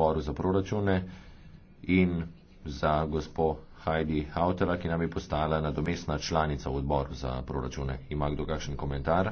odboru za proračune in za gospo Heidi Hautela, ki nam je postala nadomestna članica v odboru za proračune. Ima kdo kakšen komentar?